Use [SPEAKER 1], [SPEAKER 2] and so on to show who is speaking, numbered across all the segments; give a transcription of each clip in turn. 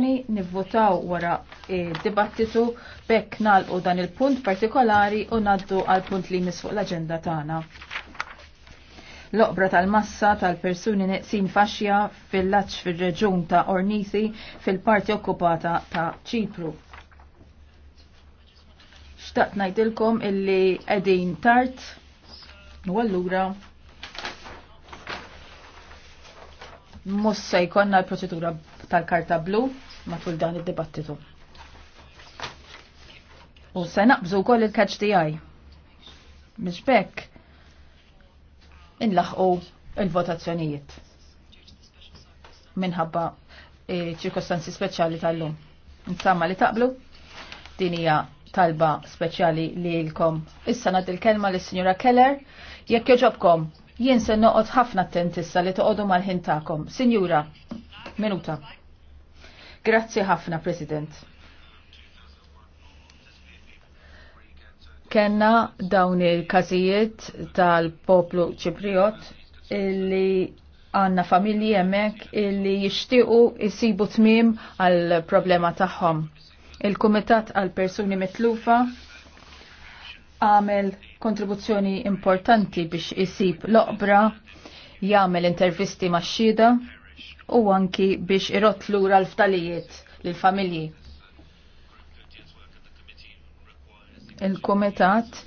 [SPEAKER 1] votazzjoni nivvotaw wara dibattitu bekk nalqu dan il-punt partikolari u naddu għal punt li jmiss fuq l-aġenda tagħna. L-oqbra tal-massa tal-persuni neqsin faxja fil-laċ fil-reġun ta' Ornisi fil-parti okkupata ta' Ċipru. Xtaqt najdilkom illi edin tart u għallura mussa jkonna l-proċedura tal-karta blu matul dan id-dibattitu. U se naqbżu wkoll il-catch tiegħi. Mġbek, bekk il-votazzjonijiet minħabba ċirkostanzi speċjali tal-lum. Insama li taqblu din hija talba speċjali li l-kom. Issa nad il-kelma lis sinjura Keller, jekk joġobkom, jien se noqgħod ħafna attentissa li toqgħodu mal ħintakom tagħkom. Sinjura, minuta. Grazzi ħafna, President. Kenna dawn il-kazijiet tal-poplu ċipriot illi għanna familji jemmek illi jishtiqu jisibu tmim għal problema tagħhom. Il-Kumitat għal Persuni Mitlufa għamel kontribuzzjoni importanti biex jisib l-oqbra, jagħmel intervisti maċċida, xhieda u anki biex irott lura l-ftalijiet lill-familji. Il-Komitat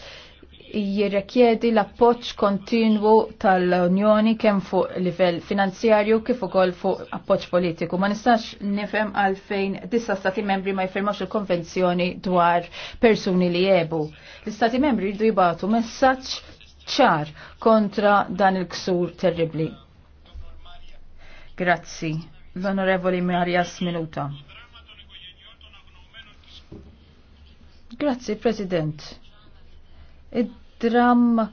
[SPEAKER 1] jirrekjedi l-appoġġ kontinwu tal-Unjoni kemm fuq livell finanzjarju kif ukoll fuq appoġġ politiku. Ma nistax nifhem għalfejn disa stati membri ma jfirmax il-konvenzjoni dwar persuni li jebu. L-istati membri jridu jibatu messaġġ ċar kontra dan il-ksur terribli. Grazzi. L-Onorevoli Maria Sminuta. Grazzi, President. Id-dram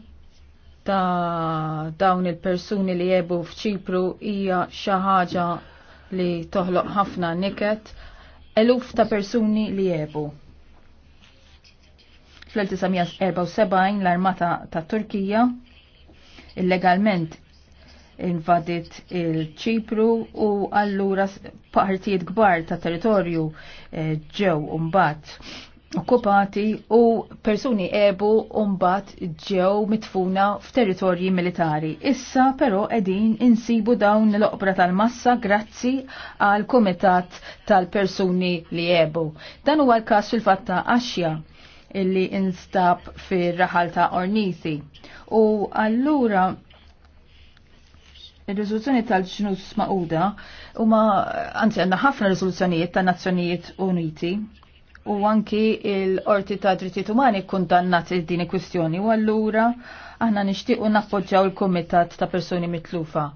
[SPEAKER 1] ta' dawn il-persuni li jebu f'ċipru hija xi ħaġa li toħloq ħafna niket eluf ta' persuni li jebu. Fl-1974 l-armata ta' Turkija illegalment invadit il-ċipru u allura partijiet kbar ta' territorju eh, ġew umbat okkupati u persuni ebu umbat ġew mitfuna f'territorji militari. Issa però edin insibu dawn l-oqbra tal-massa grazzi għal komitat tal-persuni li ebu. Dan huwa l-kas fil-fatta għaxja illi instab fir raħal ta' Ornithi. U allura Il-rizoluzzjoni tal-ġnus ma'uda u ma anzi għanna ħafna rizoluzzjonijiet ta' Nazzjonijiet Uniti u anki il-Qorti ta' Drittijiet Umani kundannat din dini kwistjoni u allura aħna nixtiequ nappoġġaw il-Kumitat ta' Persuni Mitlufa.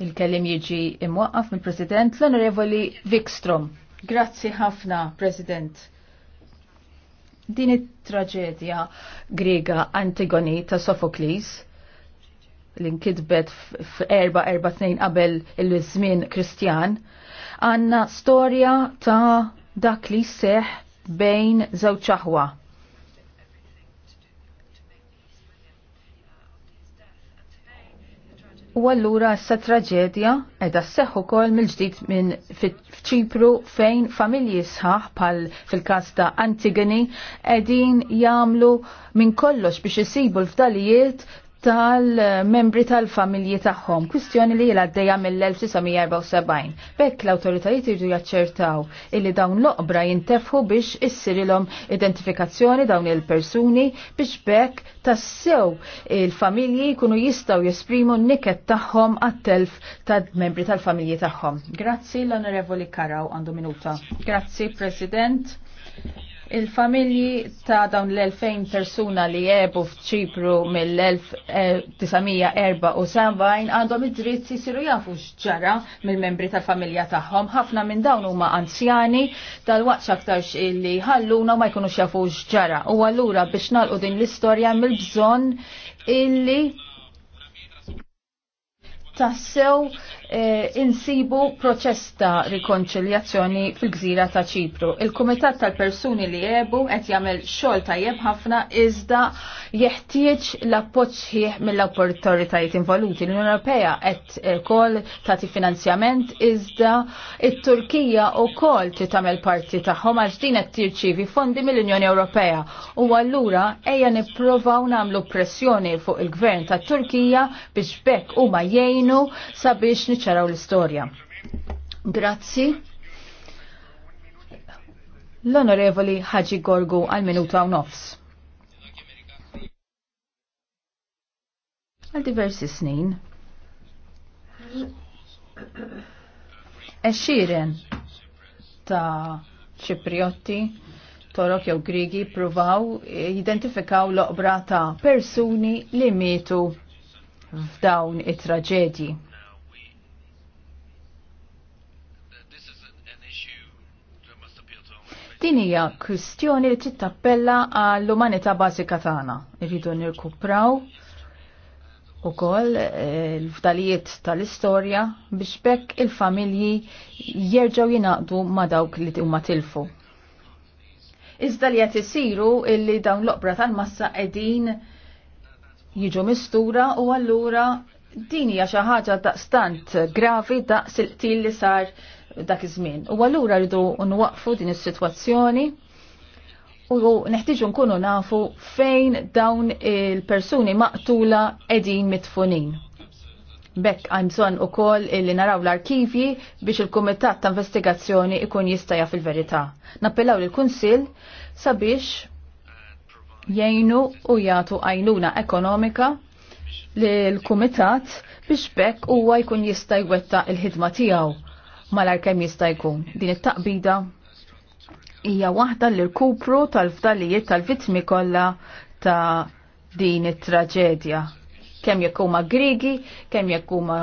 [SPEAKER 1] Il-kellim jiġi imwaqqaf mill-President l-Onorevoli Vikstrom. Grazzi ħafna, President. Din it-traġedja Griega Antigoni ta' Sofoklis l-inkidbet f-4-4-2 qabel il-żmien Kristjan, għanna storja ta' dak li seħ bejn żewġ aħwa. U allura issa traġedja edha seħħ ukoll mill-ġdid minn f'Ċipru fejn familji sħaħ bħal fil-każ ta' Antigoni qegħdin jagħmlu minn kollox biex isibu l-fdalijiet tal-membri tal-familji tagħhom, kwistjoni li l-għaddeja mill-1974. Bekk l-autoritajiet irdu jaċċertaw illi dawn l-oqbra jintefħu biex issirilhom identifikazzjoni dawn il-persuni biex bekk tassew il-familji kunu jistaw jesprimu n-niket tagħhom għat-telf tal-membri tal-familji tagħhom. Grazzi l-Onorevoli Karaw għandu minuta. Grazzi, President. Il-familji ta' dawn l-2000 persuna li jebu f'ċipru mill-1974 għandhom id-dritt jisiru jafu x'ġara mill-membri tal-familja tagħhom. Ħafna minn dawn huma anzjani tal-waqt aktarx illi ħalluna ma jkunux jafu x'ġara. U allura biex nalqu din l-istorja mill-bżonn illi tassew eh, insibu proċess ta' rikonċiljazzjoni fil-gżira ta' Ċipru. Il-Kumitat tal-Persuni li jebu qed jagħmel xogħol tajjeb ħafna iżda jeħtieġ l-appoġġ mill-awtoritajiet involuti. L-Unjoni Ewropea qed ukoll tagħti finanzjament iżda it-Turkija wkoll ti tagħmel parti tagħhom għax din qed tirċievi fondi mill-Unjoni Ewropea. U allura ejja nipprovaw nagħmlu pressjoni fuq il-Gvern tat-Turkija biex bekk huma jgħin jgħinu sabiex niċċaraw l-istorja. Grazzi. L-Onorevoli Ħaġi Gorgu għal minuta u nofs. Għal diversi snin. Eċiren ta' ċipriotti torok jew grigi pruvaw jidentifikaw obra ta' persuni li mietu f'dawn it-traġedji. Din hija kwistjoni li trid tappella għall-umanità bażika tagħna. Irridu nirkupraw ukoll eh, l-fdalijiet tal-istorja biex bekk il-familji jerġgħu jingħaqdu ma' dawk li huma tilfu. Iżda li qed isiru illi dawn l-oqbra tal-massa qegħdin jiġu mistura u allura din hija xi ħaġa daqstant gravi daqs il li sar dak iż-żmien. U allura rridu nwaqfu din is-sitwazzjoni u neħtieġu nkunu nafu fejn dawn il-persuni maqtula qegħdin mitfunin. Bekk għan bżonn ukoll li naraw l-arkivji biex il-Kumitat ta' Investigazzjoni ikun jista' fil verità Nappellaw l kunsill sabiex jgħinu u jagħtu għajnuna ekonomika l-kumitat biex bekk huwa jkun jista' jwetta il-ħidma tiegħu malar kemm jista' jkun. Din it-taqbida hija waħda l-irkupru tal-fdalijiet tal-vittmi kollha ta' din it-traġedja. Kemm jekk huma Grigi, kemm jekk huma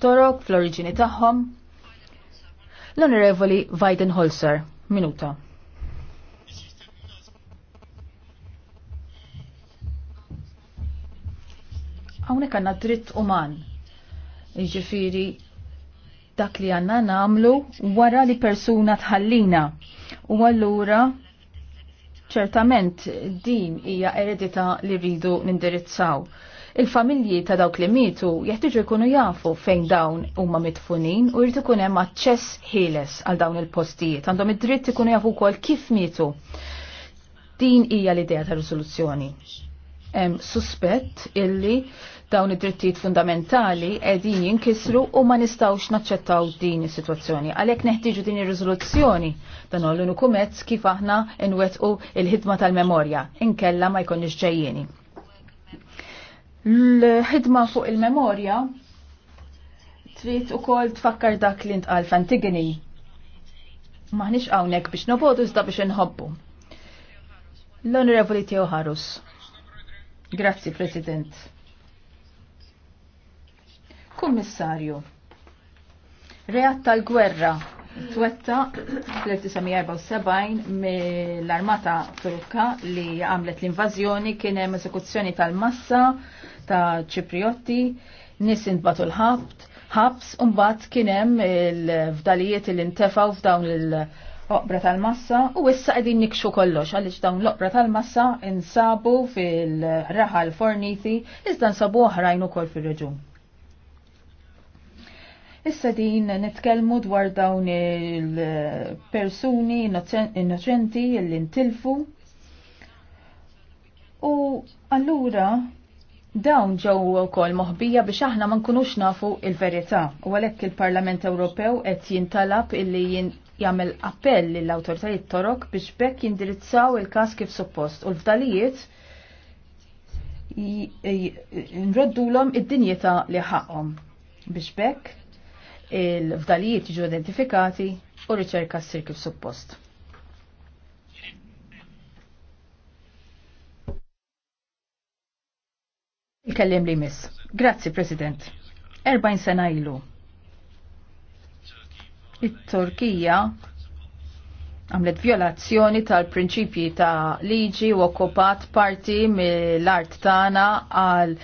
[SPEAKER 1] Torok fl-oriġini tagħhom. L-Onorevoli Weidenholzer, minuta. Hawnhekk għandna dritt uman. Jiġifieri dak li għandna nagħmlu wara li persuna tħallina. U allura ċertament din hija eredità li rridu nindirizzaw. Il-familji ta' dawk li mitu jeħtiġu jkunu jafu fejn dawn huma mitfunin u jrid ikun hemm aċċess ħieles għal dawn il-postijiet. Għandhom id-dritt ikunu jafu wkoll kif mietu. Din hija l-idea ta' risoluzzjoni. Hemm suspett illi dawn id-drittijiet fundamentali qegħdin jinkisru u ma nistgħux naċċettaw din is-sitwazzjoni. Għalhekk neħtieġu din ir-riżoluzzjoni dan għollu nukumezz kif aħna nwettqu il-ħidma tal-memorja inkella ma jkunniex ġejjieni. L-ħidma fuq il-memorja trid ukoll tfakkar dak li ntqal f'Antigeni. Maħniex hawnhekk biex nobodu iżda biex inħobbu. L-Onorevoli Teo Harus. Grazzi, President. Kummissarju, reat tal-gwerra twetta fl-1974 mill-armata turka li għamlet l-invażjoni kien hemm eżekuzzjoni tal-massa ta' Ċipriotti, nis intbatu l-ħabt, ħabs u mbagħad kien hemm il-fdalijiet li ntefgħu f'dawn il- oqbra tal-massa u issa qegħdin nikxu kollox għaliex dawn l-oqbra tal-massa insabu fil-raħal forniti iżda nsabu oħrajn ukoll fir-reġun. Issa din nitkellmu dwar dawn il-persuni innoċenti li ntilfu. U allura dawn ġew ukoll moħbija biex aħna ma nkunux nafu il-verità. U għalhekk il-Parlament Ewropew qed jintalab illi jagħmel appell lill awtoritajiet torok biex bekk jindirizzaw il-każ kif suppost. U l-fdalijiet nroddulhom id-dinjità li ħaqhom. Biex bekk il-fdalijiet jiġu identifikati u riċerka s-sir kif suppost. Il-kellim li miss. Grazzi, President. Erba'jn sena ilu. It-Turkija għamlet violazzjoni tal-prinċipji ta' liġi u okkupat parti mill-art tagħna għal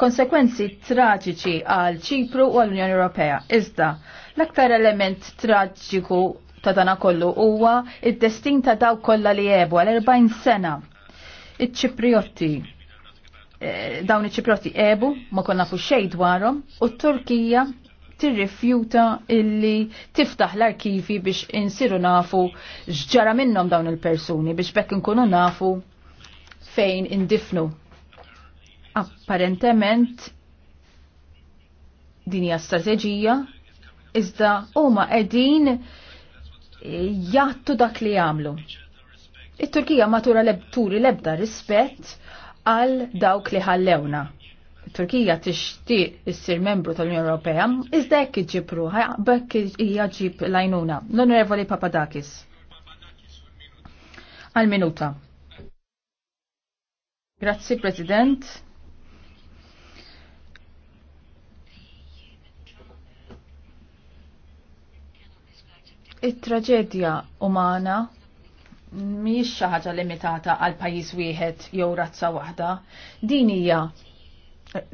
[SPEAKER 1] konsekwenzi traġiċi għal ċipru u għall-Unjoni Ewropea. Iżda, l-aktar element traġiku ta' dana kollu huwa id-destin ta' daw kollha li jebu għal 40 sena. Iċ-Ċipriotti eh, dawn iċ-Ċipriotti ebu, ma konna fu xejn dwarhom, u t-Turkija tirrifjuta illi tiftaħ l-arkivi biex insiru nafu x'ġara minnhom dawn il-persuni biex bekk inkunu nafu fejn indifnu Apparentement din hija strateġija iżda huma qegħdin jattu dak li jagħmlu. It-Turkija matura turi lebda rispett għal dawk li ħallewna. Turkija tixtieq issir membru tal-Unjoni Ewropea, iżda hekk iġibru, bekk hija ġib lajnuna. L-Onorevoli Papadakis. Għal minuta. Grazzi, President. it-traġedja umana mhijiex xi ħaġa limitata għal pajjiż wieħed jew razza waħda. Din hija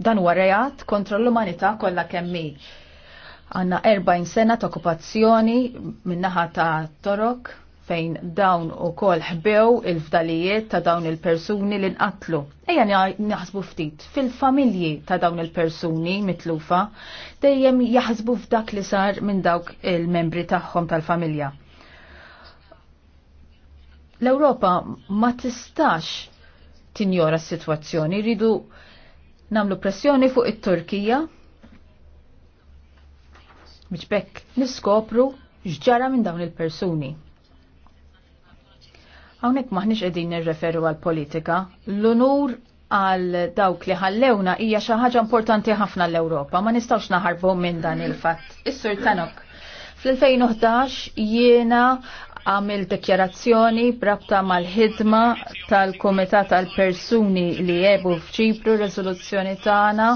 [SPEAKER 1] dan huwa reat kontra l-umanità kollha kemm hi. Għandna 40 sena ta' okkupazzjoni min-naħa ta' Torok fejn dawn u kol ħbew il-fdalijiet ta' dawn il-persuni li nqatlu. Ejja naħsbu ftit fil-familji ta' dawn il-persuni mitlufa dejjem jaħsbu f'dak li sar minn dawk il-membri tagħhom tal-familja. L-Ewropa ma tistax tinjora s-sitwazzjoni, rridu namlu pressjoni fuq it-Turkija Miċbek, niskopru x'ġara minn dawn il-persuni. Hawnhekk maħniex qegħdin nirreferu għal politika. L-unur għal dawk li ħallewna hija xi ħaġa importanti ħafna l-Ewropa, ma nistgħux naħarbu minn dan il-fatt. Is-Sur Tanok. Fl-2011 jiena għamil dekjarazzjoni brabta mal-ħidma tal-Komitat tal-Persuni li jebu f'ċipru rezoluzzjoni tagħna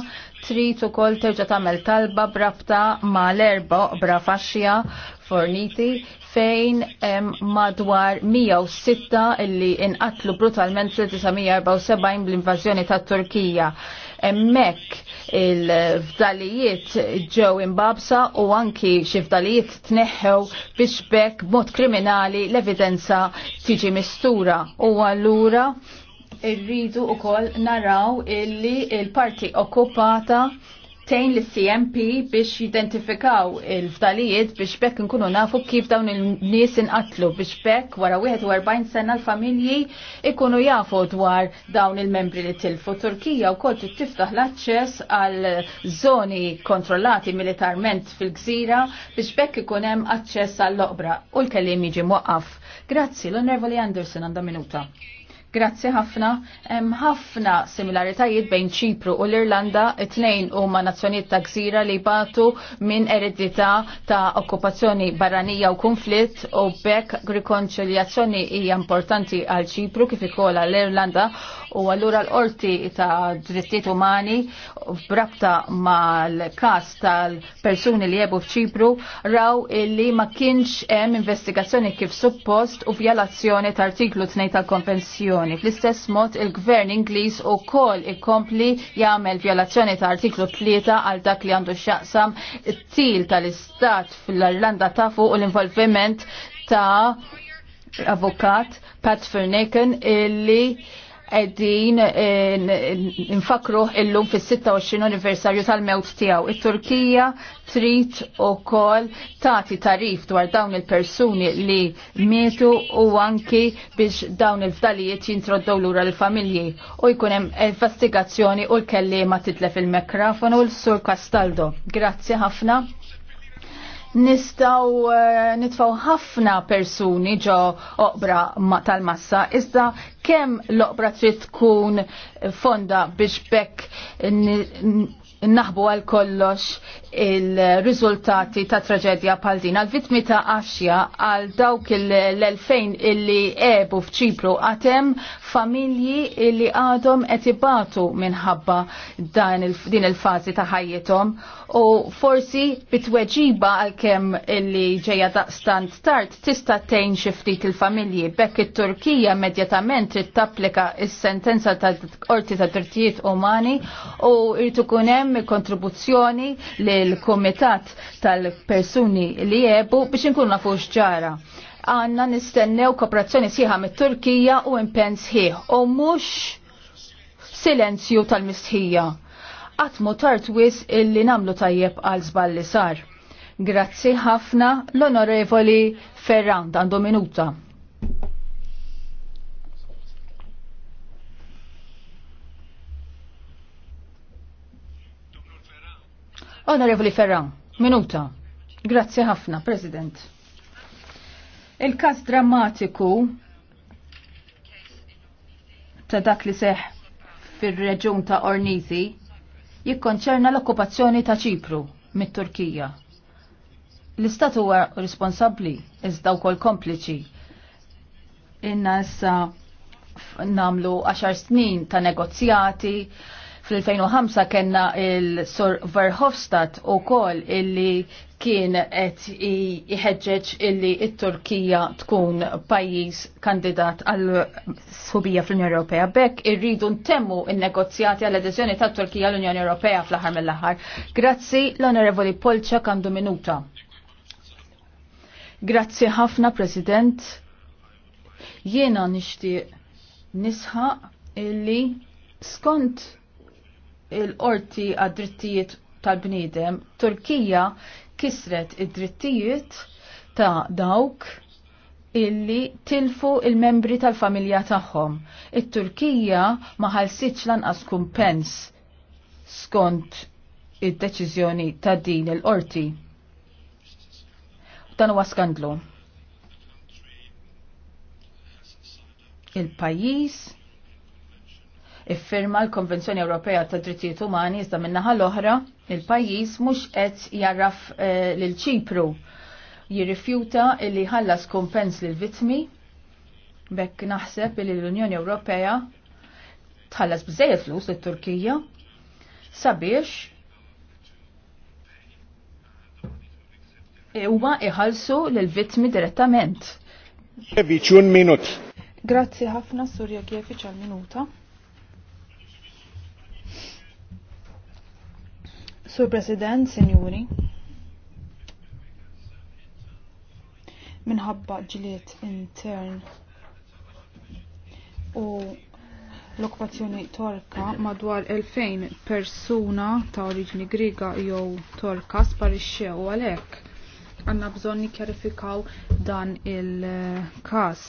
[SPEAKER 1] trid ukoll terġa' tagħmel talba brabta mal-erba' brafaxxja forniti fejn em, madwar 106 illi inqatlu brutalment fil-1974 bl-invażjoni ta' Turkija. Emmek il-fdalijiet ġew imbabsa u anki xi fdalijiet tneħħew biex bekk mod kriminali l-evidenza tiġi mistura u allura irridu ukoll naraw illi il-parti okkupata tejn l-CMP biex jidentifikaw il-ftalijiet biex bekk nkunu nafu kif dawn il-nies inqatlu biex bekk wara 41 sena l-familji ikunu jafu dwar dawn il-membri li tilfu. Turkija u kol tiftaħ l-access għal zoni kontrollati militarment fil-gżira biex bekk ikun hemm access għall-oqbra u l-kellim jiġi muqqaf. Grazzi, l onervoli Anderson għandha minuta. Grazzi ħafna. Hemm ħafna similaritajiet bejn Ċipru u l-Irlanda, it-tnejn huma nazzjonijiet ta' gżira li batu minn eredità ta' okkupazzjoni barranija u konflitt u bekk rikonċiljazzjoni hija importanti għal Ċipru kif ikoll l-Irlanda u allura l-qorti ta' drittijiet umani b'rabta mal-każ tal-persuni li jebu f'Ċipru raw illi ma kienx hemm investigazzjoni kif suppost u vjalazzjoni ta' artiklu 2 tal-konvenzjoni violazzjoni. Fl-istess mod il-Gvern Ingliż ukoll ikompli jagħmel violazzjoni ta' artiklu 3 għal dak li għandu xaqsam it-til tal-Istat fl-Irlanda ta' fuq u l-involviment ta' avukat Pat Fernaken illi qegħdin infakruh eh, illum fis-26 anniversarju tal-mewt tiegħu. It-Turkija trid ukoll tagħti tarif dwar dawn il-persuni li mietu u anki biex dawn il-fdalijiet l lura l-familji u jkun hemm investigazzjoni u l-kellima fil il u l-Sur Castaldo. Grazzi ħafna nistaw eh, nitfaw ħafna persuni ġo oqbra tal-massa, iżda kemm l-oqbra trid tkun fonda biex bekk naħbu għal kollox il-rizultati ta' traġedja pal din. Għal vitmi ta' għaxja għal dawk l-2000 illi ebu fċipru għatem familji illi għadhom etibatu minħabba din il-fazi ta' ħajjetom u forsi bitweġiba għal kem illi ġeja daqstant start tista' tejn xiftit il-familji. Bekk it-Turkija immedjatament trid tapplika is-sentenza ta' qorti ta' drittijiet umani u irtu kunem hemm kontribuzzjoni lil kumitat tal-persuni li jebu biex inkunu nafu x'ġara għanna nistennew kooperazzjoni sieħa mit-Turkija u impenn sħiħ u mhux silenzju tal-mistħija. Għatmu tartwis illi namlu tajjeb għal żball sar. Grazzi ħafna l-Onorevoli Ferrand għandu minuta. Onorevoli Ferran, minuta. Grazzi ħafna, President. Il-kas drammatiku ta' dak li seħ fil-reġun ta' Ornizi jikkonċerna l-okkupazzjoni ta' Ċipru mit-Turkija. L-Istat huwa responsabbli iżda wkoll kompliċi. Inna issa namlu 10 snin ta' negozjati fil 2005 kena il-Sur Verhofstadt u kol illi kien qed iħeġġeġ illi il turkija tkun pajjiż kandidat għal subija fl-Unjoni Ewropea. Bekk irridu ntemmu n-negozjati għal adeżjoni tat-Turkija l-Unjoni Ewropea fl-aħħar mill-aħħar. Grazzi l-Onorevoli Polċa kandu minuta. Grazzi ħafna, President. Jiena nixtieq nisħaq illi skont il-qorti għad-drittijiet tal-bniedem, Turkija kisret id-drittijiet ta' dawk illi tilfu il-membri tal-familja tagħhom. It-Turkija ma ħalsitx lanqas kumpens skont id-deċiżjoni ta' din il-qorti. Dan huwa skandlu. Il-pajjiż iffirma l-Konvenzjoni Ewropea ta' Drittijiet Umani iżda minnaħa l-oħra il-pajjiż mhux qed jarraf eh, lil Ċipru jirrifjuta li ħallas kompens lil vittmi bekk naħseb li l-Unjoni Ewropea tħallas bżejjed flus lit-Turkija sabiex huma iħallsu lill-vittmi direttament.
[SPEAKER 2] Grazzi ħafna Surja Kiefiċ għal minuta. Sur President, Senjuri, minħabba ġiliet intern u l-okkupazzjoni torka madwar 2000 persuna ta' oriġini griga jew torka sparixxew għalhekk għandna bżonn nikkjarifikaw dan il-każ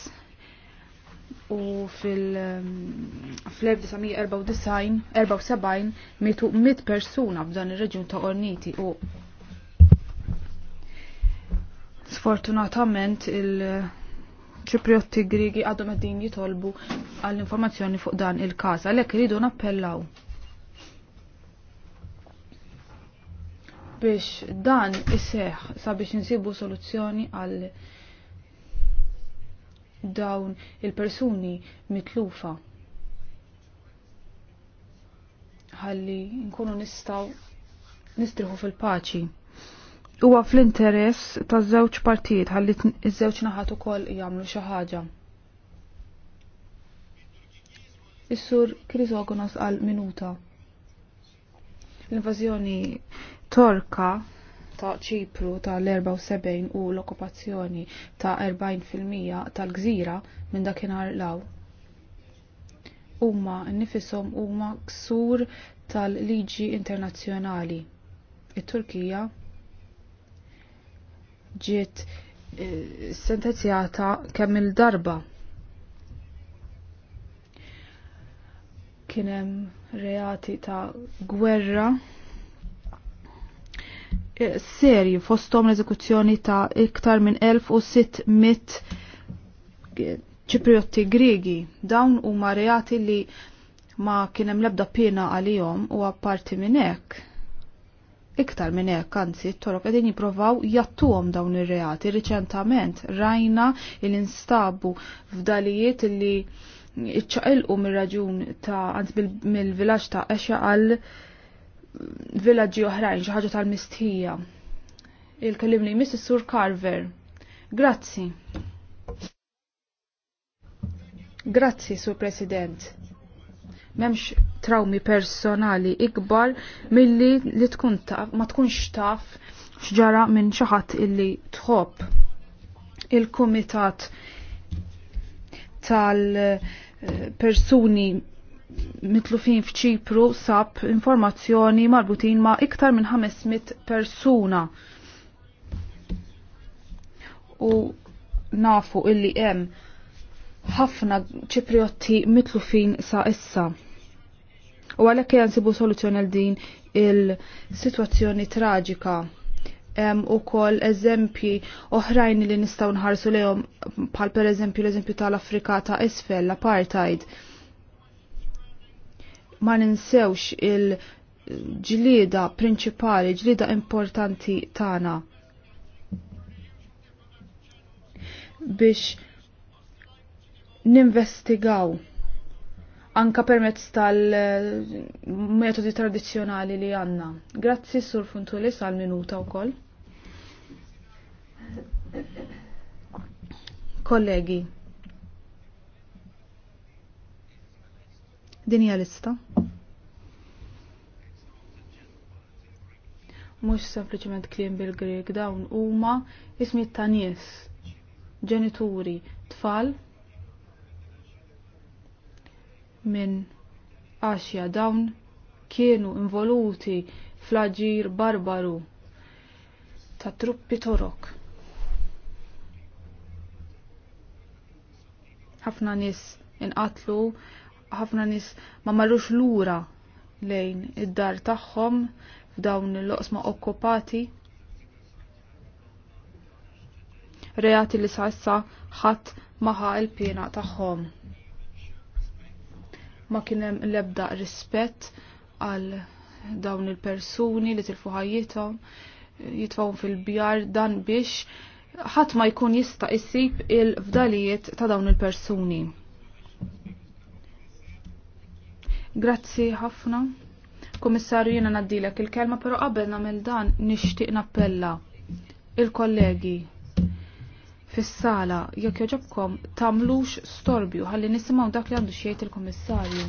[SPEAKER 2] u fil-1974 um, mitu 100 persuna f'dan ir-reġjun ta' Orniti u sfortunatament il- ċipriotti grigi għadhom qegħdin jitolbu għall-informazzjoni fuq dan il-każ, għalhekk iridu nappellaw. Biex dan iseħ sabiex insibu soluzzjoni għall- dawn il-persuni mitlufa. Ħalli nkunu nistaw nistriħu fil-paċi. Huwa fl-interess ta' żewġ partijiet ħalli iż-żewġ naħat ukoll jagħmlu xi ħaġa. Is-sur Krisogonos għal minuta. L-invażjoni torka ta' ċipru tal-74 u l-okkupazzjoni ta' 40% tal-gżira minn dakinhar law. Huma nifisom huma ksur tal-liġi internazzjonali. It-Turkija ġiet eh, sentenzjata kemm il-darba kienem reati ta' gwerra Serju fostom l-eżekuzzjoni ta' iktar minn 1600 ċipriotti Grigi. Dawn huma reati li ma kienem lebda pina għalihom u apparti minn hekk. Iktar minn hekk anzi t-torok qegħdin jippruvaw jattuhom dawn ir-reati. Riċentament rajna il-instabu f'dalijiet li iċċaqilqu mir-raġun ta' anzi mill vilax ta' Exa għal villaġġi oħrajn xi ħaġa tal-mistħija. il kellimni Mrs. sur Carver. Grazzi. Grazzi, Sur President. Memx traumi personali ikbar milli li tkun taf, ma tkunx taf xġara minn xi ħadd illi tħobb. Il-kumitat tal-persuni mitlufin f'ċipru sab informazzjoni marbutin ma' iktar minn 500 persuna. U nafu illi hemm ħafna ċipriotti mitlufin sa' issa. U għalhekk jansibu soluzjoni għal din il-sitwazzjoni traġika hemm ukoll eżempji oħrajn li nistgħu nħarsu pal bħal pereżempju l-eżempju tal-Afrika ta' isfel, l-apartheid ma ninsewx il-ġlida prinċipali, ġlida importanti tagħna. biex ninvestigaw anka permezz tal-metodi tradizjonali li għanna. Grazzi sur Funtulis għal minuta u koll. Kollegi, dinja lista. mhux sempliċement kliem bil-Grek dawn huma ismi ta' nies, ġenituri, tfal minn għaxja dawn kienu involuti fl-aġir barbaru ta' truppi torok. ħafna nis inqatlu, ħafna nis ma marrux lura lejn id-dar tagħhom f'dawn l-oqsma okkupati reati li sa' ħadd maħa l pjena tagħhom. Ma kien hemm l-ebda rispett għal dawn il-persuni li tilfu ħajjithom jitfawhom fil-bjar dan biex ħadd ma jkun jista' issib il-fdalijiet ta' dawn il-persuni. Grazzi ħafna. Kummissarju jiena naddilek il-kelma, però qabel nagħmel dan nixtieq nappella il-kollegi fis-sala jekk joġobkom tagħmlux storbju ħalli nisimgħu dak li għandu xejn il-Kummissarju.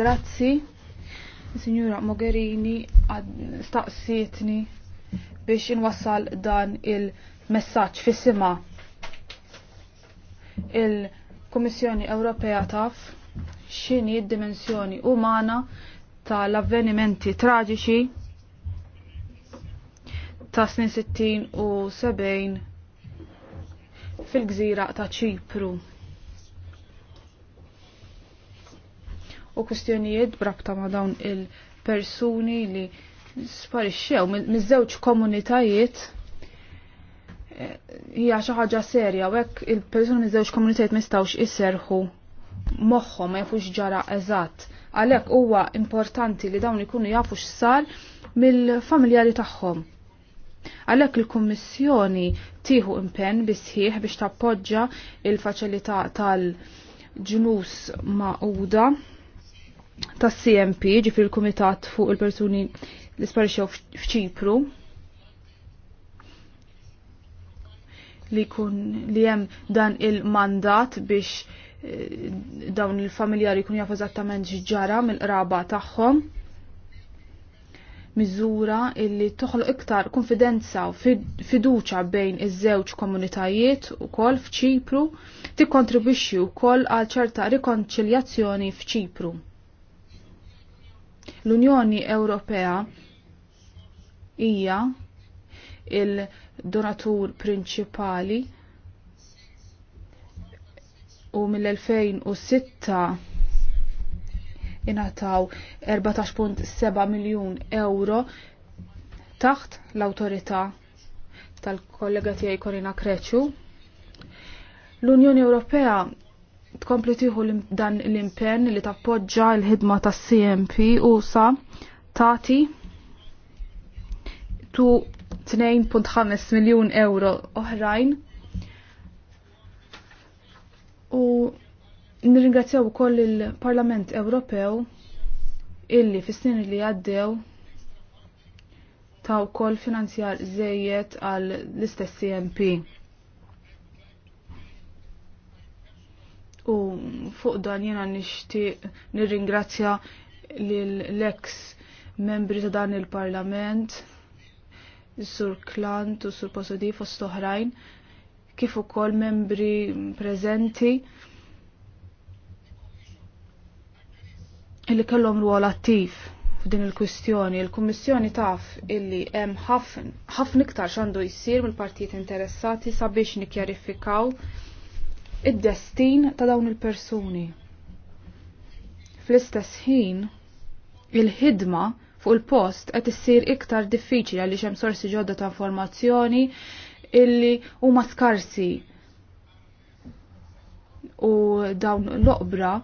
[SPEAKER 2] Grazzi, Signora Mogherini, staqsietni biex inwassal dan il-messaġġ fis-sima. Il-Kummissjoni Ewropea taf x'inhi d-dimensjoni umana tal-avvenimenti traġiċi ta' snin 60 u 70 fil-gżira ta' ċipru. U kustjonijiet brabta ma' dawn il-persuni li sparixxew miż-żewġ komunitajiet eh, hija xi ħaġa serja u hekk il-persuni miż-żewġ komunitajiet ma jistgħux isserħu moħħom ma jafux ġara eżatt. Għalhekk huwa importanti li dawn ikunu jafu x'sar mill-familjari tagħhom. Għalhekk il-Kummissjoni tieħu impenn bisħiħ biex tappoġġa il-faċilità tal-ġnus maquda tas-CMP ġifir il-Kumitat fuq il-persuni li sparixew f'Ċipru li kun li hemm dan il-mandat biex dawn il-familjari kun jafu eżattament ġara mill-qraba tagħhom. Miżura illi toħloq iktar konfidenza u fiduċa bejn iż-żewġ komunitajiet ukoll f'Ċipru tikkontribwixxi wkoll għal ċerta rikonċiljazzjoni f'Ċipru. L-Unjoni Ewropea hija il-donatur prinċipali u mill-2006 inataw 14.7 miljon euro taħt l-autorità tal-kollega tiegħi Korina Kreċu. L-Unjoni Ewropea tkompli tieħu dan l-impenn li tappoġġa l-ħidma tas-CMP u sa tati tu 2.5 miljun euro oħrajn U nirringrazzjaw ukoll il-Parlament Ewropew illi fis-snin li għaddew ta' ukoll finanzjar żejjed għal l-istess CMP. U fuq dan jiena nixtieq nirringrazzja lill-ex membri ta' dan il-Parlament, Sur Klant u Sur Posodi fost oħrajn kif ukoll membri preżenti illi kellhom rwol attiv f'din il-kwistjoni. Il-Kummissjoni taf illi hemm ħafna iktar x'għandu jsir mill-partijiet interessati sabiex nikkjarifikaw id-destin ta' dawn il-persuni. Fl-istess ħin il-ħidma il ħidma fuq il-post qed issir iktar diffiċli għaliex hemm sorsi ġodda ta' informazzjoni illi huma skarsi u dawn l-oqbra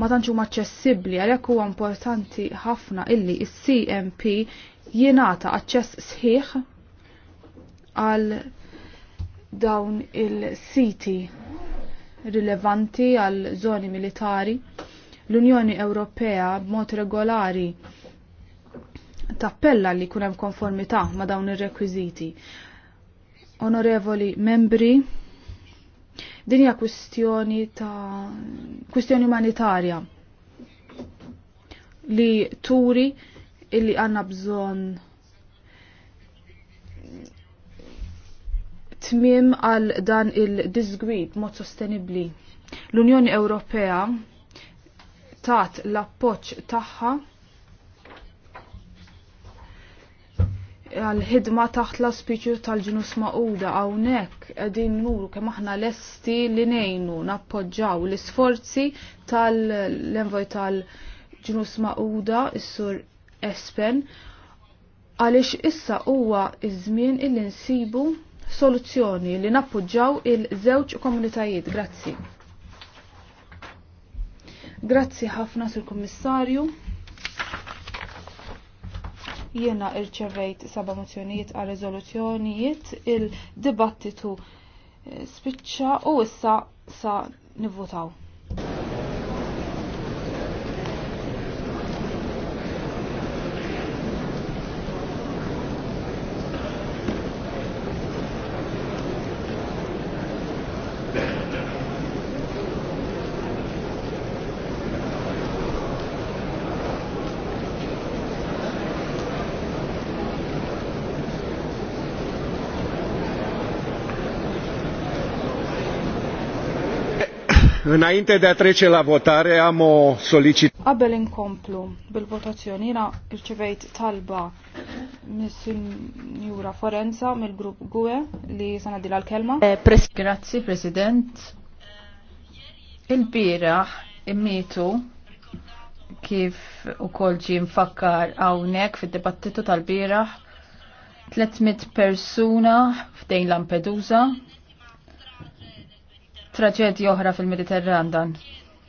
[SPEAKER 2] ma tantx huma aċċessibbli għalhekk huwa importanti ħafna illi is-CMP jingħata aċċess sħiħ għal dawn il-siti rilevanti għal żoni militari. L-Unjoni Ewropea b'mod regolari tappella li kunem konformità ma dawn ir-rekwiżiti. Onorevoli membri, din hija kwistjoni ta' kwistjoni umanitarja li turi illi għanna bżon tmim għal dan il-disgwid mod sostenibli. L-Unjoni Ewropea tat l-appoċ tagħha għal-ħidma taħt l-aspiċu tal-ġinus maquda għawnek għedin nuru kem aħna lesti li nejnu nappoġġaw l-isforzi tal-envoj tal-ġinus maquda s-sur Espen għalix issa huwa iż-żmien illi nsibu soluzzjoni li nappoġġaw il-żewġ komunitajiet. Grazzi. Grazzi ħafna sur Kommissarju jiena irċevejt saba' mozzjonijiet għal rezoluzzjonijiet il-dibattitu spiċċa u issa sa nivvotaw.
[SPEAKER 1] Înainte de a trece la votare, am
[SPEAKER 2] o solicitare. Qabel inkomplu bil-votazzjoni jiena irċivejt talba mis-Sinjura Forenza mill-Grupp GUE li sanadila l-kelma. Grazie, eh, Grazzi, President. Il-biraħ immitu
[SPEAKER 1] kif ukoll ġie mfakkar hawnhekk fid-dibattitu tal-biraħ 300 persuna f'dejn Lampedusa traġedji oħra fil-Mediterran dan.